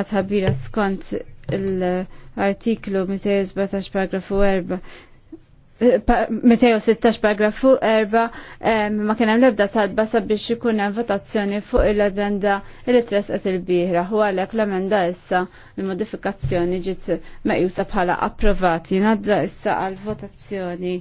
għadħabira skont l-artiklu 217 paragrafu 4 216 eh, paragrafu 4 ma kienem lebda talba sabiex ikun hemm votazzjoni fuq il-addenda li tresqet il-bieħra u għalhekk l-emenda issa l modifikazzjoni ġiet meqjusa bħala approvati. Nadda issa għal votazzjoni